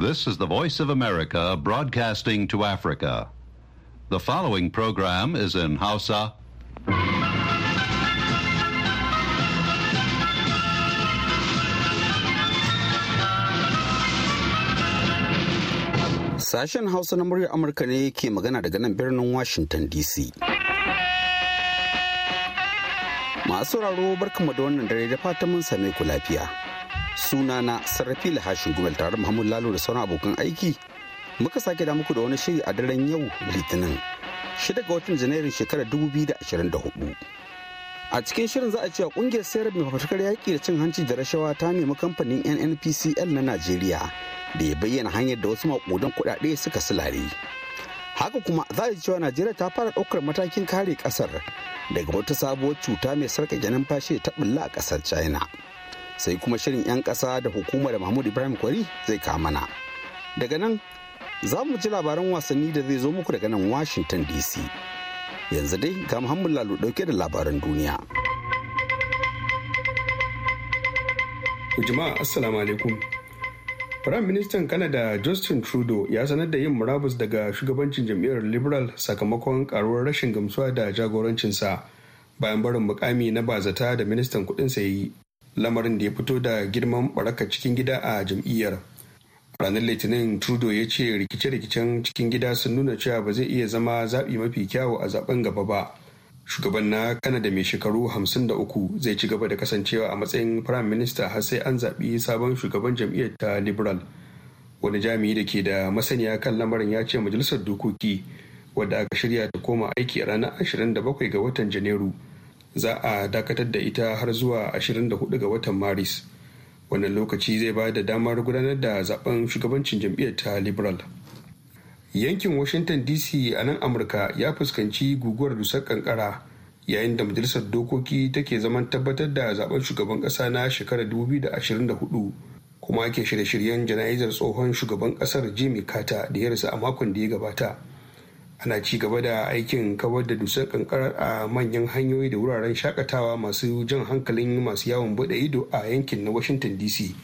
This is the Voice of America broadcasting to Africa. The following program is in Hausa. Sashen Hausa na muryar Amurka ne ke magana daga nan birnin Washington DC. Masu sauraro barkamu da wannan dare da fatan mun same ku lafiya. sunana sarrafi hashin gumel tare muhammad lalo da sauran abokan aiki muka sake da muku da wani shiri a daren yau litinin shida ga watan janairun shekarar 2024 a cikin shirin za a cewa kungiyar sayar mai fatakar yaƙi da cin hanci da rashawa ta nemi kamfanin nnpcl na najeriya da ya bayyana hanyar da wasu maƙudan kuɗaɗe suka silare haka kuma za a cewa najeriya ta fara ɗaukar matakin kare ƙasar daga wata sabuwar cuta mai sarƙaƙe numfashi ta ɓulla a ƙasar china sai kuma shirin 'yan ƙasa da hukumar mahmud ibrahim kwari zai mana daga nan za mu ji labaran wasanni da zai zo muku daga nan washington dc yanzu dai ga muhammad lalu dauke da labaran duniya jama'a assalamu alaikum Firayim Ministan canada Justin Trudeau ya sanar da yin murabus daga shugabancin jam'iyyar Liberal sakamakon karuwar rashin gamsuwa da jagorancinsa bayan barin mukami na bazata da ministan kudin sa yi. lamarin da ya fito da girman baraka cikin gida a jam'iyyar ranar litinin trudeau ya ce rikice-rikicen cikin gida sun nuna cewa ba zai iya zama zaɓi mafi kyawu a zaben gaba ba shugaban na kanada mai shekaru hamsin da uku zai ci gaba da kasancewa a matsayin prime minister har sai an zaɓi sabon shugaban jam'iyyar ta liberal wani jami'i da ke da masaniya kan lamarin ya ce majalisar dokoki wadda aka shirya ta koma aiki a ranar 27 ga watan janairu za a dakatar da ita har zuwa 24 ga watan maris wannan lokaci zai ba da damar gudanar da zaben shugabancin jam'iyyar ta liberal yankin washington dc a nan amurka ya fuskanci guguwar dusar kankara yayin da majalisar dokoki take zaman tabbatar da zaben shugaban kasa na shekarar 2024 kuma ake shirye-shiryen jana'izar tsohon shugaban kasar jimmy carter da ya rasu a makon da ya gabata ana ci gaba da aikin kawar da dusar kankara a manyan hanyoyi da wuraren shakatawa masu jan hankalin masu yawon bude ido a yankin na washington dc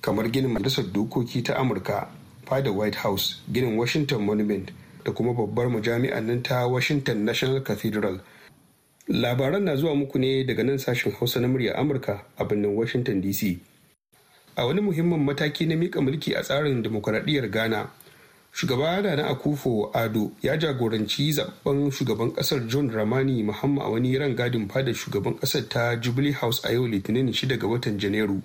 kamar ginin majalisar dokoki ta amurka fada white house ginin washington monument da kuma babbar majami'an nan ta washington national cathedral labaran na zuwa muku ne daga nan sashen hausa na murya amurka a birnin washington dc a wani muhimmin mataki na mika mulki a tsarin dimokuraɗiyyar ghana shugaba na akufo ado ya jagoranci zaben shugaban kasar john ramani muhamma a wani rangadin fadar shugaban kasar ta jubilee house a yau litinin 6 ga watan janairu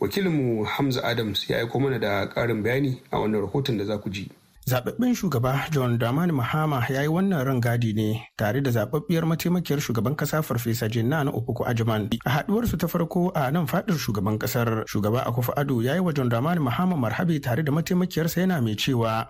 wakilinmu hamza adams ya aiko mana da karin bayani a wannan rahoton da za ku ji. Zaɓaɓɓen shugaba John Dramani Mahama ya yi wannan rangadi ne tare da zaɓaɓɓiyar mataimakiyar shugaban ƙasa Farfesa Jinna na Opoku Ajiman. A haɗuwarsu ta farko a nan faɗin shugaban ƙasar, shugaba a Akufo Ado ya yi wa John Dramani Mahama marhabi tare da mataimakiyarsa yana mai cewa.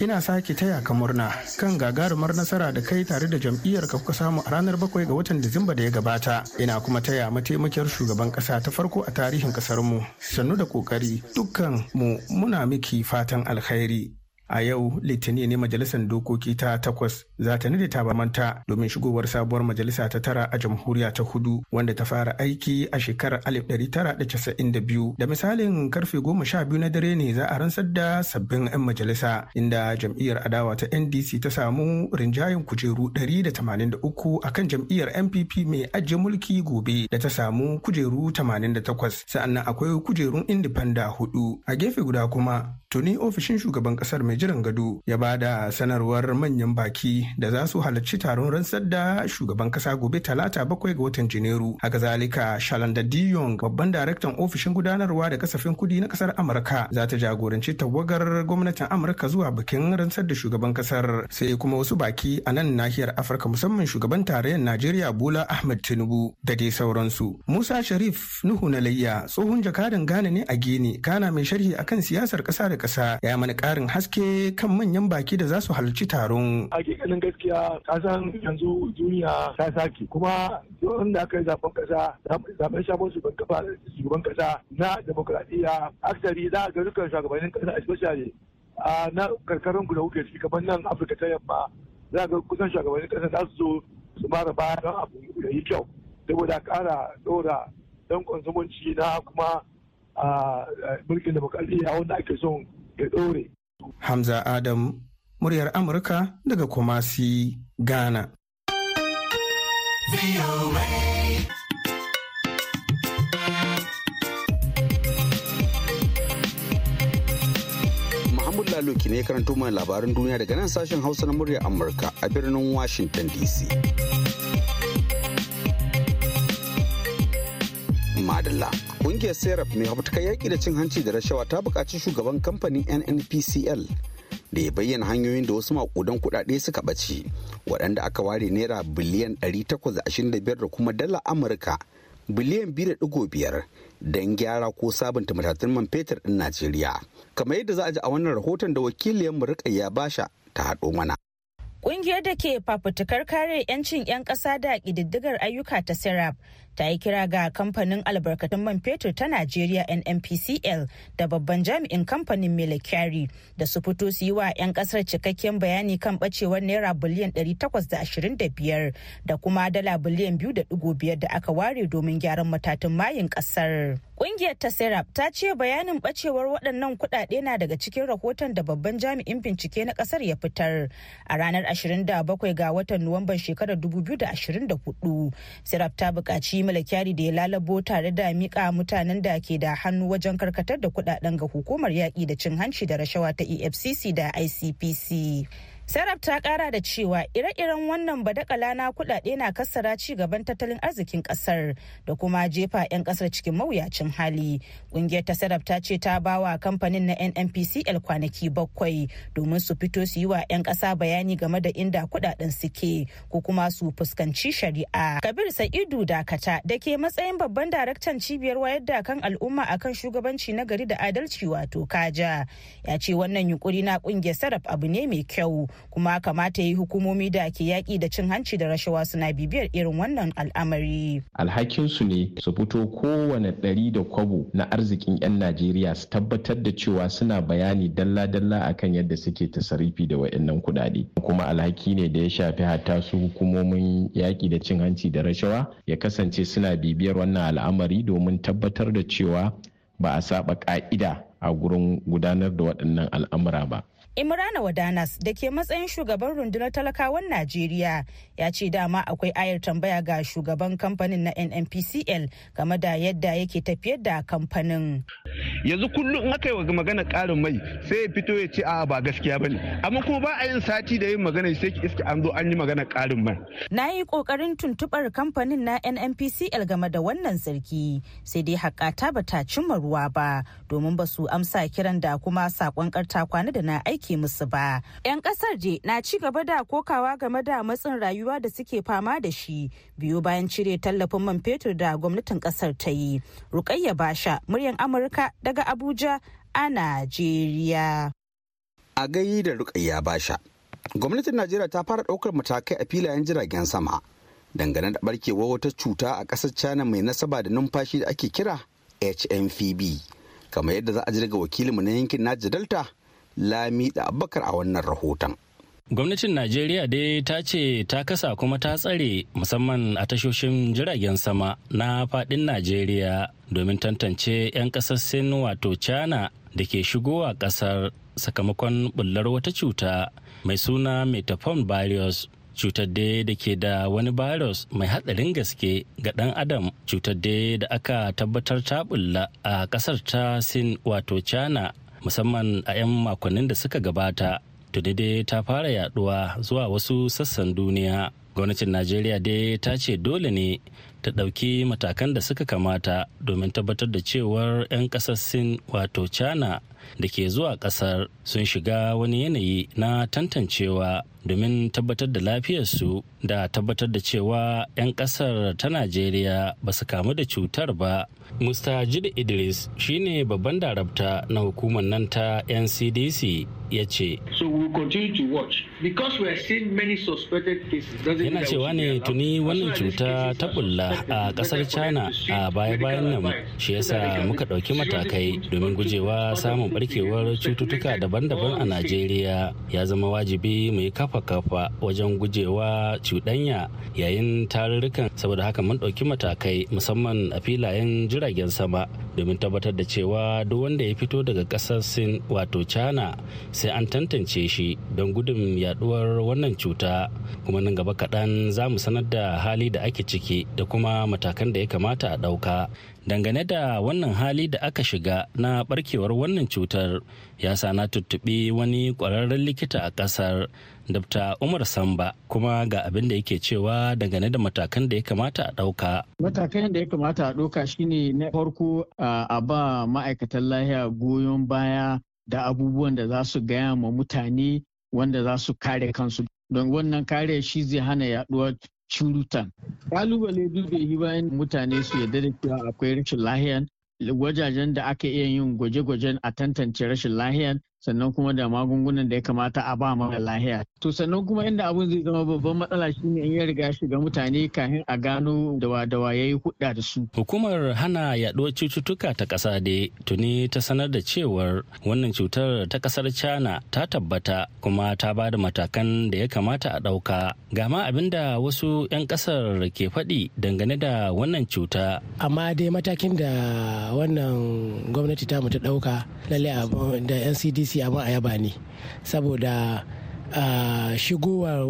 Ina sake taya ka murna kan gagarumar nasara da kai tare da jam'iyyar ka kuka samu a ranar bakwai ga watan Disamba da ya gabata. Ina kuma taya mataimakiyar shugaban kasa ta farko a tarihin kasar mu. Sannu da kokari dukkan mu muna miki fatan alkhairi. a yau litinin ne majalisar dokoki ta takwas za ta nade manta domin shigowar sabuwar majalisa ta tara a jamhuriya ta hudu wanda ta fara aiki a shekarar 1992 da misalin karfe 12 na dare ne za a rantsar da sabbin 'yan majalisa inda jam'iyyar adawa ta ndc ta samu rinjayen kujeru 183 a kan jam'iyyar npp mai ajiye mulki gobe da ta samu kujeru 88 sa'annan akwai kujerun indipanda hudu a gefe guda kuma tuni ofishin shugaban kasar mai jiran gado ya ba da sanarwar manyan baki da za su halarci taron ransar da shugaban kasa gobe talata bakwai ga watan janairu haka zalika shalanda diyon babban daraktan ofishin gudanarwa da kasafin kudi na kasar amurka za ta jagoranci tawagar gwamnatin amurka zuwa bikin ransar da shugaban kasar sai kuma wasu baki a nan nahiyar afirka musamman shugaban tarayyar najeriya bola Ahmad tinubu da dai sauransu musa sharif nuhu na layya tsohon jakadan ghana ne a gini ghana mai sharhi akan siyasar kasa da da ƙasa ya mana ƙarin haske kan manyan baki da za su halarci taron. Hakikalin gaskiya kasan yanzu duniya ta sake kuma yawan da aka yi zaben ƙasa zaben shafin shugaban ƙasa na demokuraɗiyya aksari za a ga dukkan shugabannin ƙasa a shi na karkarun guda kuke ciki kamar nan Afirka ta yamma za a ga kusan shugabannin ƙasa za su zo su mara baya don abu da yi kyau saboda ƙara ɗora don zumunci na kuma mulkin demokradiyya wanda ake son ya ɗore. Hamza Adam, muryar Amurka daga Kumasi, Ghana. Muhammadu Lalo ne karanto mana labarin duniya daga nan sashen Hausa na muryar Amurka a birnin Washington DC. Madalla. Kungiyar Serap mai haɓuka yaƙi da cin hanci da rashawa ta buƙaci shugaban kamfanin NNPCL da ya bayyana hanyoyin da wasu maƙudan kuɗaɗe suka ɓace waɗanda aka ware naira biliyan 825 da kuma dala Amurka biliyan 2.5 don gyara ko sabunta matatun man fetur ɗin Najeriya. Kamar yadda za a ji a wannan rahoton da wakiliyan ba sha ta haɗo mana. Ƙungiyar da ke fafutukar kare 'yancin 'yan ƙasa da ƙididdigar ayyuka ta Serap ta yi kira ga kamfanin albarkatun man fetur ta najeriya nnpcl da babban jami'in kamfanin melekari da su fito su yi wa 'yan kasar cikakken bayani kan bacewar naira biliyan 825 da kuma dala biliyan 2.5 da aka ware domin gyaran matatun mayin kasar kungiyar ta Serap ta ce bayanin bacewar waɗannan kuɗaɗe na daga cikin rahoton da babban jami'in bincike na ƙasar ya fitar a ranar 27 ga watan Nuwamban shekarar 2024. Serap ta buƙaci jimila kyari da ya lalabo tare da miƙa mutanen da ke da hannu wajen karkatar da kudaden ga hukumar yaƙi da cin hanci da rashawa ta efcc da icpc Sarab ta kara da cewa ire-iren wannan badakala na kudade na kasara ci gaban tattalin arzikin kasar da kuma jefa 'yan kasar cikin mawuyacin hali. Kungiyar ta Sarab ta ce ta bawa kamfanin na NNPCL kwanaki bakwai domin su fito su yi wa 'yan kasa bayani game da inda kudaden suke ko kuma su fuskanci shari'a. Kabir Sa'idu Dakata da ke matsayin babban daraktan cibiyar wayar da kan al'umma akan shugabanci na gari da adalci wato Kaja ya ce wannan yunkuri na kungiyar Sarab abu ne mai kyau. kuma kamata yi hukumomi da ke yaƙi da cin hanci da rashawa suna bibiyar irin wannan al'amari. Alhakinsu ne su fito kowane ɗari da kwabo na arzikin 'yan Najeriya su tabbatar da cewa suna bayani dalla-dalla akan yadda suke tasarifi da wa'annan kuɗaɗe. Kuma alhaki ne da ya shafi hata su hukumomin yaƙi da cin hanci da rashawa ya kasance suna bibiyar wannan al'amari domin tabbatar da cewa ba a saba ƙa'ida a gurin gudanar da waɗannan al'amura ba. Imrana Wadanas da ke matsayin shugaban rundunar talakawan Najeriya ya ce dama akwai ayar tambaya ga shugaban kamfanin na NNPCL game da yadda yake tafiyar da kamfanin. Yanzu kullum in aka yi magana ƙarin mai sai ya fito ya ce a'a ba gaskiya bane amma kuma ba a yin sati da yin magana sai ki iske an zo an yi magana ƙarin mai. Na yi kokarin tuntuɓar kamfanin na NNPCL game da wannan sarki sai dai haƙata ba ta cimma ruwa ba domin ba su amsa kiran da kuma sakon karta kwana da na aiki ake musu ba. 'Yan kasar je na ci gaba da kokawa game da matsin rayuwa da suke fama da shi biyu bayan cire tallafin man fetur da gwamnatin ƙasar ta yi. Rukayya Basha, muryar Amurka daga Abuja a Najeriya. A gayi da Rukayya Basha. Gwamnatin Najeriya ta fara ɗaukar matakai a filayen jiragen sama dangane da barkewar wata cuta a ƙasar China mai nasaba da numfashi da ake kira HMPB. kamar yadda za a ji daga wakilinmu na yankin Naji Delta Lamida Abubakar a wannan rahoton. Gwamnatin Najeriya dai ta ce ta kasa kuma ta tsare musamman a tashoshin jiragen sama na fadin Najeriya domin tantance 'yan kasar Sin wato China da ke shigowa kasar sakamakon bullar wata cuta mai suna metaphone virus. Cutar dai da ke da wani virus mai hatsarin gaske ga ɗan adam cutar da aka tabbatar ta bulla a kasar ta Sin wato China musamman a 'yan makonnin da suka gabata dai ta fara yaduwa zuwa wasu sassan duniya gwamnatin najeriya dai ta ce dole ne ta ɗauki matakan da suka kamata domin tabbatar da cewar 'yan ƙasar sin wato china da ke zuwa kasar sun shiga wani yanayi na tantancewa domin tabbatar da lafiyarsu da tabbatar da cewa 'yan kasar ta najeriya ba su kamu da cutar ba musta jid idris shine babban darabta na hukumar nan ta ncdc ya ce yana cewa ne tuni wannan cuta ta bulla a kasar china a baya-bayan nan shi yasa muka ɗauki matakai domin gujewa samun barkewar cututtuka daban-daban a najeriya ya zama wajibi mu kafa-kafa wajen gujewa cuɗanya yayin tarurrukan saboda haka mun ɗauki matakai musamman a filayen jiragen sama domin tabbatar da cewa duk wanda ya fito daga ƙasar sin wato china sai an tantance shi don gudun yaduwar wannan cuta kuma nan gaba kaɗan za mu sanar da hali da ake ciki da kuma matakan da ya kamata a ɗauka dangane da wannan hali da aka shiga na barkewar wannan cutar ya sa na tuttuɓi wani ƙwararren likita a ƙasar dr umar samba kuma ga abin da yake cewa dangane da matakan da ya kamata a ɗauka matakan da ya kamata a ɗauka shine na farko a ba ma'aikatan lahiya goyon baya da abubuwan da za su gaya ma mutane wanda za su kare kansu don wannan kare shi zai hana yaduwar curutan kalubale dube yi bayan mutane su yadda da cewa akwai rashin lahiyan wajajen da aka iya yin gwaje-gwajen a tantance rashin lahiyan sannan kuma da magungunan da ya kamata a ba mara lahiya. To sannan kuma inda abun zai zama babban matsala shine in ya riga shiga mutane kafin a gano dawa dawa ya yi hudda da su. Hukumar hana yaduwar cututtuka ta ƙasa da tuni ta sanar da cewar wannan cutar ta ƙasar China ta tabbata kuma ta ba da matakan da ya kamata a ɗauka. Ga ma abin da wasu 'yan ƙasar ke faɗi dangane da wannan cuta. Amma dai matakin da wannan gwamnati ta mu ta ɗauka lallai da NCDC sisi abin a yaba ne saboda shigowar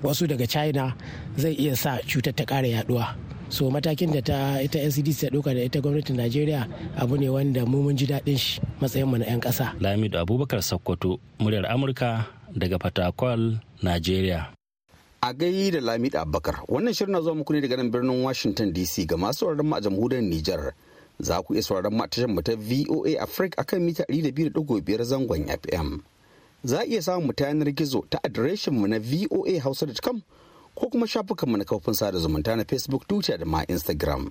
wasu daga china zai iya sa cutar ta kara yaduwa so matakin da ta ita ncdc ta ɗauka da ita gwamnatin najeriya abu ne wanda mu mun ji daɗin shi matsayinmu na 'yan ƙasa lamidu abubakar sokoto muryar amurka daga fatakwal nigeria. a gai da lamido abubakar wannan shirin na zuwa muku ne daga nan birnin washington dc ga masu mu a jamhuriyar niger za ku iya sauraron mu a tashar mu ta VOA Africa akan mita 200.5 zangon FM. Za iya samun mu ta yanar gizo ta adireshin mu na voa Hausa.com ko kuma shafukan mu na kafofin sada zumunta na Facebook, Twitter da ma Instagram.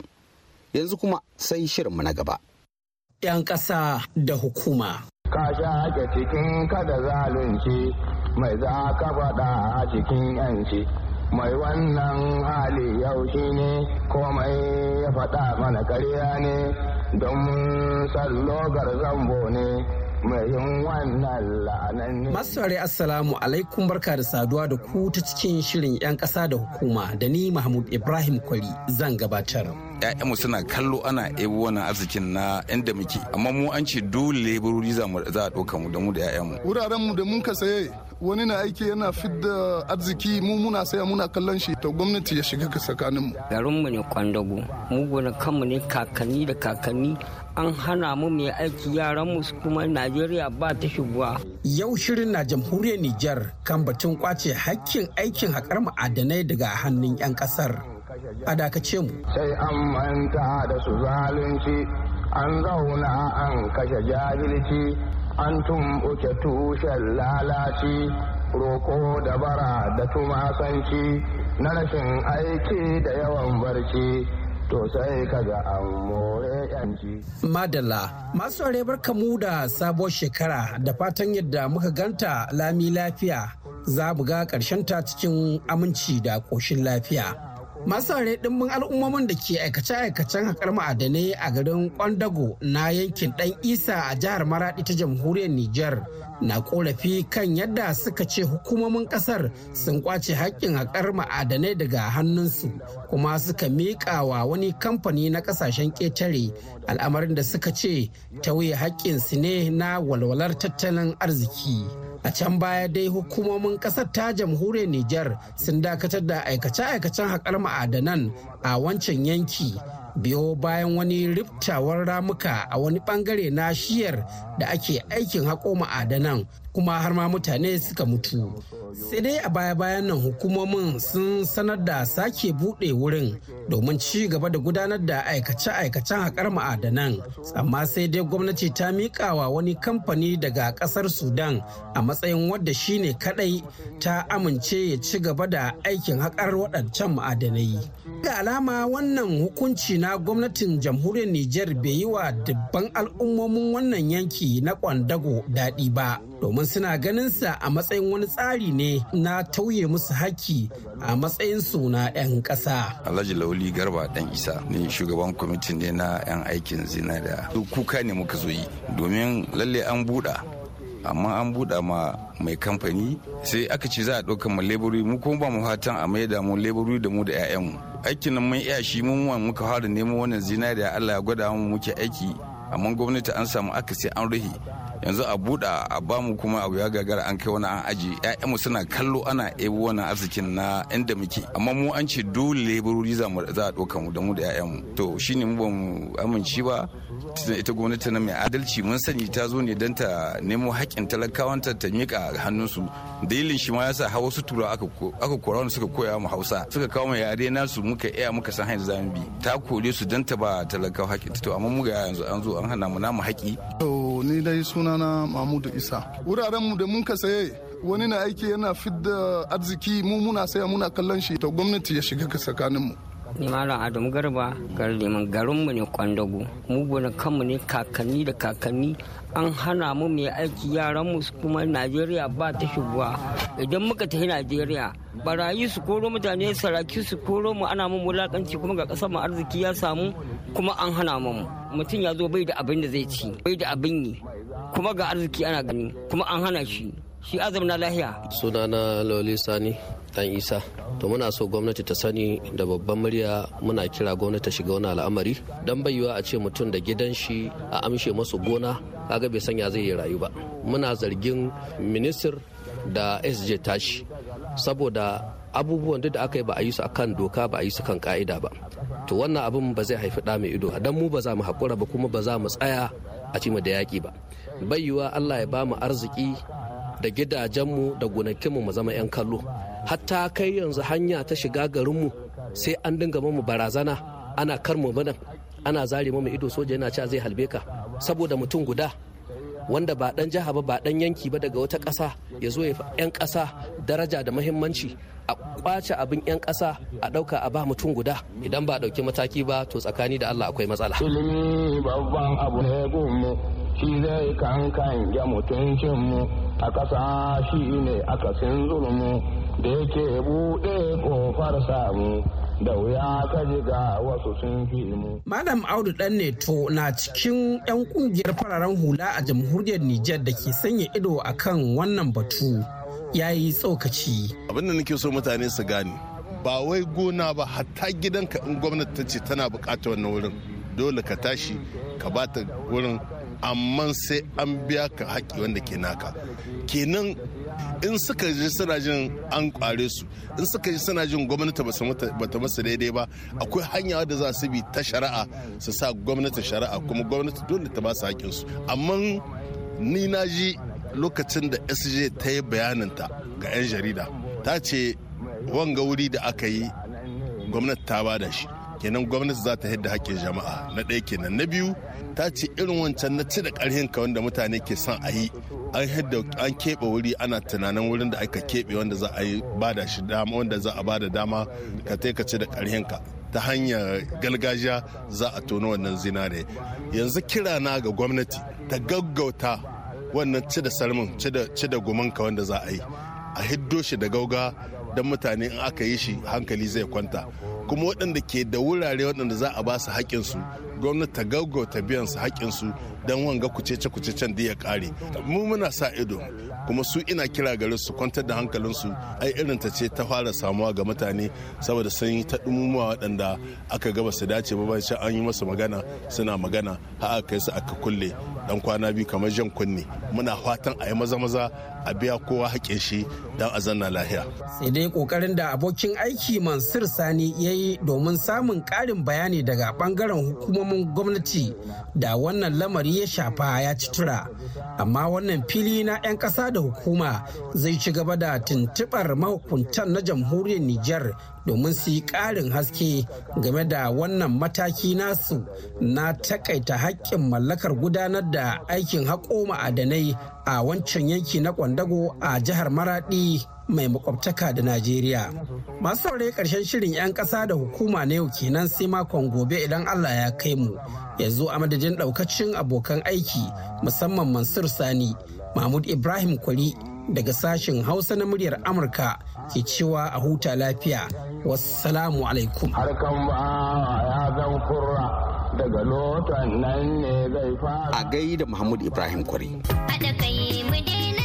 Yanzu kuma sai shirin mu na gaba. 'Yan kasa da hukuma. Ka sha cikin kada zalunci mai za ka faɗa a cikin 'yanci. mai wannan hali yau shi ne komai ya faɗa mana karya ne don sallogar zambo ne Masare Assalamu alaikum barka da saduwa da ku ta cikin shirin 'yan ƙasa da hukuma da ni Mahmud Ibrahim Kwari zan gabatar. ‘Ya'yanmu suna kallo ana ebo wani arzikin na inda muke, amma mu an ce dole leburori za a ɗauka mu da mu da ‘ya'yanmu. Wuraren mu da mun ka saye wani na aiki yana fidda arziki mu muna saya muna kallon shi to gwamnati ya shiga ka tsakanin mu garin mu ne kwandago mu gona kanmu ne kakanni da kakanni an hana mu mai aiki yaran mu kuma Najeriya ba ta shigowa yau shirin na jamhuriyar Nijar kan batun kwace hakkin aikin haƙar ma'adanai daga hannun 'yan ƙasar a dakace mu sai an manta da su zalunci an zauna an kashe jahilci an tumɓuke tushen lalaci roƙo da bara da tumasanci na rashin aiki da yawan barci to sai kaga an more yanci. Madalla, masu ware barkamu da sabuwar shekara da fatan yadda muka ganta lami lafiya za mu ga ta cikin aminci da ƙoshin lafiya. masu rai ɗimbin al'ummomin da ke aikace-aikacen haƙar ma'adanai a garin kwandago na yankin ɗan isa a jihar maraɗi ta jamhuriyar niger na korafi kan yadda suka ce hukumomin kasar sun kwace haƙƙin haƙar ma'adanai daga hannunsu kuma suka miƙa wa wani kamfani na ƙasashen ƙetare al'amarin da suka ce ta tauye haƙƙinsu ne na walwalar tattalin arziki. a can baya dai hukumomin ƙasar ta jamhuriyar Nijar sun dakatar da aikace-aikacen haƙar ma'adanan a wancan yanki biyo bayan wani riftawar ramuka a wani bangare na shiyar da ake aikin haƙo ma'adanan kuma har ma mutane suka mutu sai dai a baya-bayan nan hukumomin sun sanar da sake buɗe wurin domin ci gaba da gudanar da aikace-aikacen haƙar ma'adanan amma sai dai gwamnati ta miƙawa wani kamfani daga ƙasar sudan a matsayin wadda shine kaɗai ta amince ya ci gaba da aikin haƙar waɗancan ma'adanai ga alama wannan hukunci na gwamnatin jamhuriyar Nijar bai yi wa dubban al'ummomin wannan yanki na ƙwandago daɗi ba domin suna ganinsa a matsayin wani tsari ne na tauye musu haki a matsayin su na 'yan ƙasa. Alhaji Lauli Garba ɗan Isa ne shugaban kwamitin ne na 'yan aikin zina da kuka ne muka zo yi domin lalle an buɗa amma an buɗa ma mai kamfani sai aka ce za a ɗauka mu leburi mu kuma ba mu fatan a mai da mu leburi da mu da 'ya'yanmu aikin nan mun iya shi mun muka fara neman wannan zinariya Allah ya gwada mu muke aiki amma gwamnati an samu akasi an ruhi yanzu a buɗa a bamu kuma a ya gagara an kai wani an aji ƴaƴanmu suna kallo ana ebo wani arzikin na inda muke amma mu an ce dole leburori za a ɗauka mu da mu da ƴaƴanmu to shine mu ba mu amince ba ita gwamnati na mai adalci mun sani ta zo ne don ta nemo haƙƙin talakawanta ta miƙa hannunsu dalilin shi ma yasa hawa su tura aka kora wanda suka koya mu hausa suka kawo mu yare nasu muka iya muka san hanyar zamu bi ta kore su don ta ba talakawa haƙƙin to amma mu ga yanzu an zo an hana mu namu haƙƙi. to ni dai sunana mahmudu isa wuraren mu da mun ka saye wani na aiki yana fidda arziki mu muna saya muna kallon shi to gwamnati ya shiga tsakanin mu ni malam adam garba garin mu ne kwandago mu na kanmu ne kakanni da kakanni an hana mu mai aiki yaran yaranmu kuma najeriya ba ta shigowa idan muka tafi najeriya barayi su koro mutane saraki su koro mu ana mun wulakanci kuma ga kasar mu arziki ya samu kuma an hana mu mutum ya zo bai da abin da zai ci bai da abin yi kuma ga arziki ana gani kuma an hana shi shi azam na lahiya sunana loli sani dan isa to muna so gwamnati ta sani da babban murya muna kira gwamnati ta shiga wani al'amari dan baiwa a ce mutum da gidan shi a amshe masu gona kaga bai sanya zai yi rayu ba muna zargin minister da sj tashi saboda abubuwan duk da aka yi ba a yi su akan doka ba a yi su kan ka'ida ba to wannan abin ba zai haifi ɗa mai ido dan mu ba za mu haƙura ba kuma ba za mu tsaya a ci mu da yaki ba bai allah ya ba mu arziki da gidajenmu da gonakinmu mu zama 'yan kallo hatta kai yanzu hanya ta shiga garinmu sai an dinga mamu barazana ana kar mu mana ana zare mamu ido soja yana cewa zai halbe ka saboda mutum guda wanda ba dan jiha ba ba dan yanki ba daga wata kasa ya zo ya fi 'yan ƙasa daraja da muhimmanci a kwace abin 'yan ƙasa a ɗauka a ba mutum guda idan ba ɗauki mataki ba to tsakani da Allah akwai matsala. Ilimi babban abu ne gumu shi zai kankan ya mutuncinmu a ƙasa shi ne akasin zulumu da yake buɗe ƙofar samu da wuya ka ji ga wasu sun fi mu. Madam Audu ɗan Neto na cikin 'yan ƙungiyar fararen hula a jamhuriyar Nijar da ke sanya ido a kan wannan batu ya yi tsokaci. Abin da nake so mutane su gane ba wai gona ba hatta gidanka in gwamnati ta ce tana bukatar wannan wurin dole ka tashi ka bata wurin amma sai an biya ka haƙi wanda ke naka kenan in suka ji suna jin an kware su in suka ji suna jin gwamnati ba ta masa daidai ba akwai hanya da za su bi ta shari'a su sa gwamnati shari'a kuma gwamnati dole ta ba su haƙin su amma ni na ji lokacin da sj ta yi bayaninta ga 'yan jarida ta ce wanga wuri da aka yi gwamnati ta ba shi kenan gwamnati za ta hidda haƙƙin jama'a na ɗaya kenan na biyu ta ce irin wancan na cire karhin ka wanda mutane ke son a yi an hidda an keɓe wuri ana tunanin wurin da aka keɓe wanda za a yi bada shi dama wanda za a bada dama ka ta ka cire karhin ka ta hanyar galgajiya za a tono wannan zinare yanzu kira na ga gwamnati ta gaggauta wannan ci da salmin ci da gumanka wanda za a yi a hiddo shi da gauga don mutane in aka yi shi hankali zai kwanta kuma waɗanda ke da wurare waɗanda za a ba su gwamnati ta gaugauta biyan su haƙƙin su don wanga kucece kucecen da ya kare mu muna sa ido kuma su ina kira gare su kwantar da hankalin su ai irin ta ce ta fara samuwa ga mutane saboda sun yi ta dumuma waɗanda aka gaba su dace ba bayan an yi masa magana suna magana har aka kai su aka kulle dan kwana biyu kamar jan kunne muna fatan a yi maza maza a biya kowa haƙƙin shi don a zanna lahiya. sai dai kokarin da abokin aiki mansur sani ya yi domin samun karin bayani daga bangaren hukumomin hukumomin gwamnati da wannan lamari ya shafa ya ci tura amma wannan fili na 'yan ƙasa da hukuma zai ci gaba da tuntuɓar mahukuntan na jamhuriyar niger domin su yi ƙarin haske game da wannan mataki nasu na takaita haƙƙin mallakar gudanar da aikin haƙo ma'adanai a wancan yanki na kwandago a jihar maradi mai makwabtaka da najeriya masu saurare karshen shirin 'yan ƙasa da hukuma na yau kenan sai makon gobe idan allah ya kai mu yanzu a madadin ɗaukacin abokan aiki musamman mansur sani mahmud ibrahim kwari daga sashen hausa na muryar amurka ke cewa a huta lafiya wassalamu alaikum daga lotan a gaida da ibrahim kwari kai mu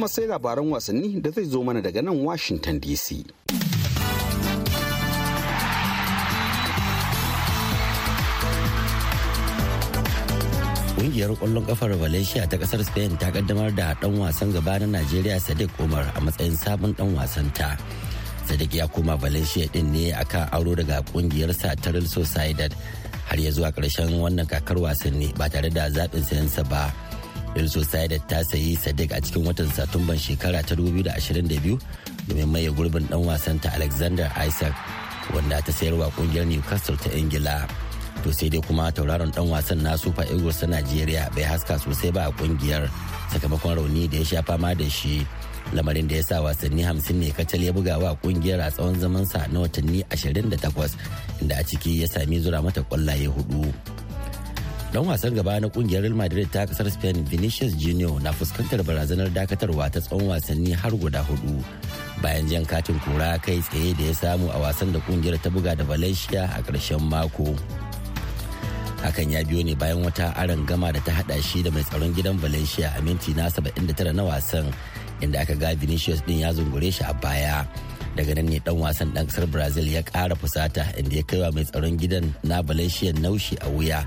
kuma sai labaran wasanni da zai zo mana daga nan Washington DC. Ƙungiyar ƙwallon ƙafar Valencia ta ƙasar Spain ta ƙaddamar da ɗan wasan gaba na Najeriya Sadiq Umar a matsayin sabon ɗan ta Sadiq ya koma Valencia ɗin ne akan aro daga sa ta Real Sociedad har ya zuwa ƙarshen wannan kakar wasanni ba tare da zaɓin sayansa ba. Real Sociedad ta sayi Sadiq a cikin watan Satumban shekara ta 2022 domin maye gurbin dan ta Alexander Isaac wanda ta sayarwa kungiyar Newcastle ta Ingila. To sai dai kuma tauraron dan wasan na Super Eagles ta Najeriya bai haska sosai ba a kungiyar sakamakon rauni da ya sha fama da shi. lamarin da ya sa wasanni hamsin ne kacal ya buga wa kungiyar a tsawon zamansa na watanni 28 inda a ciki ya sami zura mata kwallaye hudu. dan wasan gaba na kungiyar real madrid ta kasar spain vinicius junior na fuskantar barazanar dakatarwa ta tsawon wasanni har guda hudu bayan jan katin kura kai tsaye da ya samu a wasan da kungiyar ta buga da valencia a karshen mako hakan ya biyo ne bayan wata aron gama da ta hada shi da mai tsaron gidan valencia a minti na 79 na wasan inda aka ga vinicius din ya zungure shi a baya daga nan ne dan wasan dan kasar brazil ya kara fusata inda ya kai wa mai tsaron gidan na valencia naushi a wuya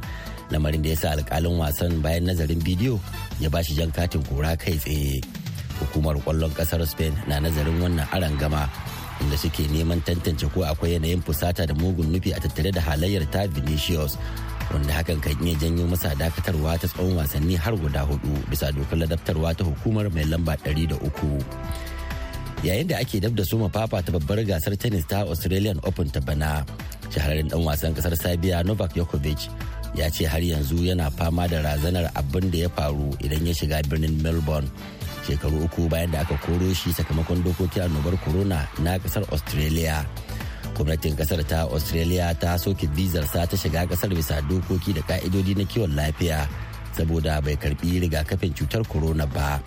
lamarin da ya sa alkalin wasan bayan nazarin bidiyo ya ba shi jan katin kura kai tsaye hukumar kwallon kasar spain na nazarin wannan aron gama inda suke neman tantance ko akwai yanayin fusata da mugun nufi a tattare da halayyar ta vinicius wanda hakan kan iya janyo masa dakatarwa ta tsawon wasanni har guda hudu bisa dokar ladabtarwa ta hukumar mai lamba da uku. yayin da ake dab da soma fafa ta babbar gasar tennis ta australian open ta bana shahararren dan wasan kasar serbia novak djokovic ya ce har yanzu yana fama da razanar abin da ya faru idan ya shiga birnin melbourne shekaru uku bayan da aka koro shi sakamakon dokokin annobar corona na kasar australia gwamnatin kasar ta australia ta soke vizar sa ta shiga kasar bisa dokoki da ka'idodi na kiwon lafiya saboda bai karbi rigakafin cutar corona ba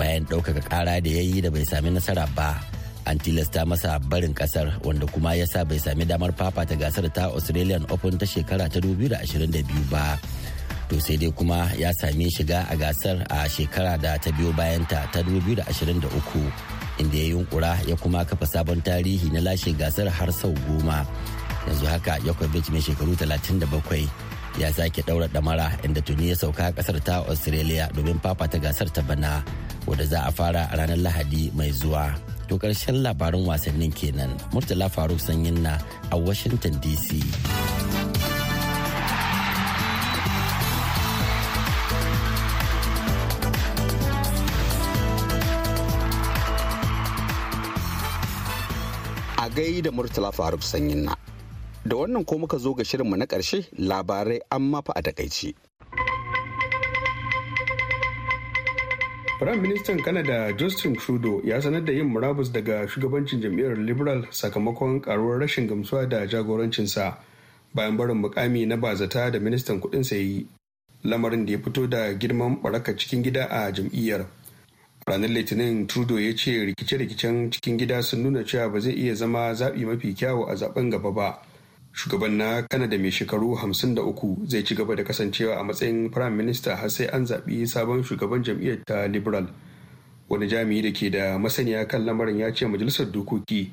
bayan ɗaukaka ƙara da ya yi da bai sami nasara ba an tilasta masa barin kasar wanda kuma ya sa bai sami damar fafata gasar ta australian open ta shekara ta 2022 ba to sai dai kuma ya sami shiga a gasar a shekara da ta biyo bayanta ta 2023 inda ya yunkura ya kuma kafa sabon tarihi na lashe gasar har sau goma yanzu haka yakovic mai shekaru 37 ya sake daura damara inda tuni ya sauka kasar ta australia domin fafata gasar ta bana wadda za a fara a ranar lahadi mai zuwa To karshen labarin wasannin kenan. Murtala Faruk Sanyin na a Washington DC. A gai da Murtala Faruk Sanyin na. Da wannan ko muka zo ga shirinmu na ƙarshe labarai an mafa a takaici. Firayim Ministan Kanada Justin Trudeau ya sanar da yin murabus daga shugabancin jam'iyyar Liberal sakamakon karuwar rashin gamsuwa da jagorancinsa bayan barin mukami na bazata da ministan kudin ya yi. Lamarin da ya fito da girman baraka cikin gida a jam'iyyar. Ranar Litinin Trudeau ya ce rikice-rikicen cikin gida sun nuna cewa ba zai iya zama zaɓi mafi kyawu a zaben gaba ba. shugaban na kanada mai shekaru 53 zai ci gaba da kasancewa a matsayin prime minister har sai an zaɓi sabon shugaban jam'iyyar ta liberal wani jami'i da ke da masaniya kan lamarin ya ce majalisar dokoki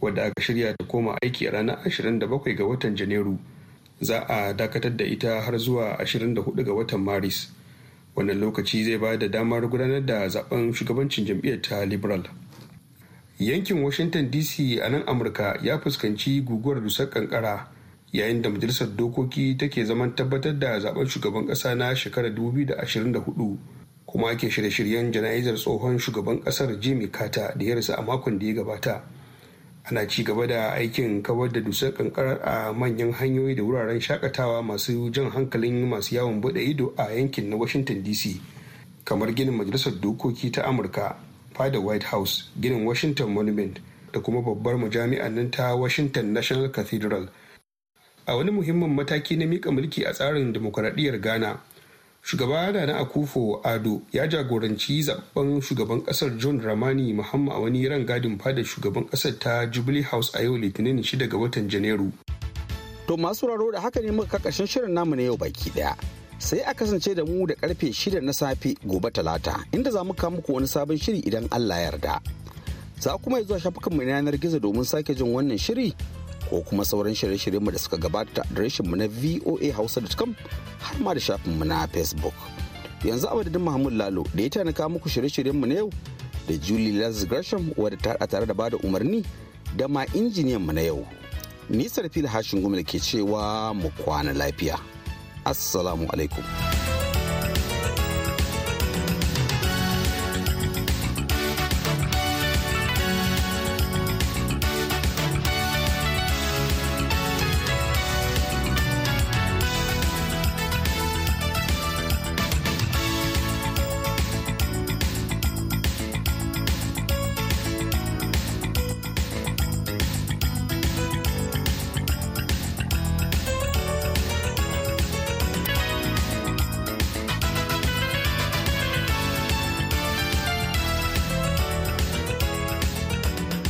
wadda aka shirya ta koma aiki a ranar 27 ga watan janairu za a dakatar da ita har zuwa 24 ga watan maris wannan lokaci zai ba da damar gudanar da zaben shugabancin jam'iyyar ta liberal yankin washington dc a nan amurka ya fuskanci guguwar dusar kankara yayin da majalisar dokoki take zaman tabbatar da zaben shugaban kasa na shekarar 2024 kuma ake shirye-shiryen jana'izar tsohon shugaban kasar jimmy carter da ya rasu a makon da ya gabata ana ci gaba da aikin kawar da dusar ƙanƙara a manyan hanyoyi da wuraren shakatawa masu jan hankalin masu yawon bude ido a yankin na washington dc kamar ginin majalisar dokoki ta amurka fadar white house ginin washington monument da kuma babbar majami'an nan ta washington national cathedral a wani muhimmin mataki na mika mulki a tsarin demokuraɗiyyar ghana shugaba na akufo ado ya jagoranci zaben shugaban kasar john ramani muhamma a wani ran gadin fadar shugaban kasar ta jubilee house a yau litinin 6 ga watan janairu to masu raro da haka ne muka kakashin shirin namu na yau baki daya sai a kasance da mu da karfe shida na safe gobe talata inda za mu kawo muku wani sabon shiri idan Allah yarda. Za kuma zuwa shafukan mu yanar gizo domin sake jin wannan shiri ko kuma sauran shirye-shiryen mu da suka gabata rashin mu na Hausa.com har ma da shafin mu na Facebook. Yanzu a madadin Muhammad Lalo da ya tanaka muku shirye-shiryen mu na yau da Julie Lazarus Gresham wadda ta tare da bada umarni da ma injiniyan mu na yau. Nisar fil hashin gumi da ke cewa mu kwana lafiya. assalamu alaikum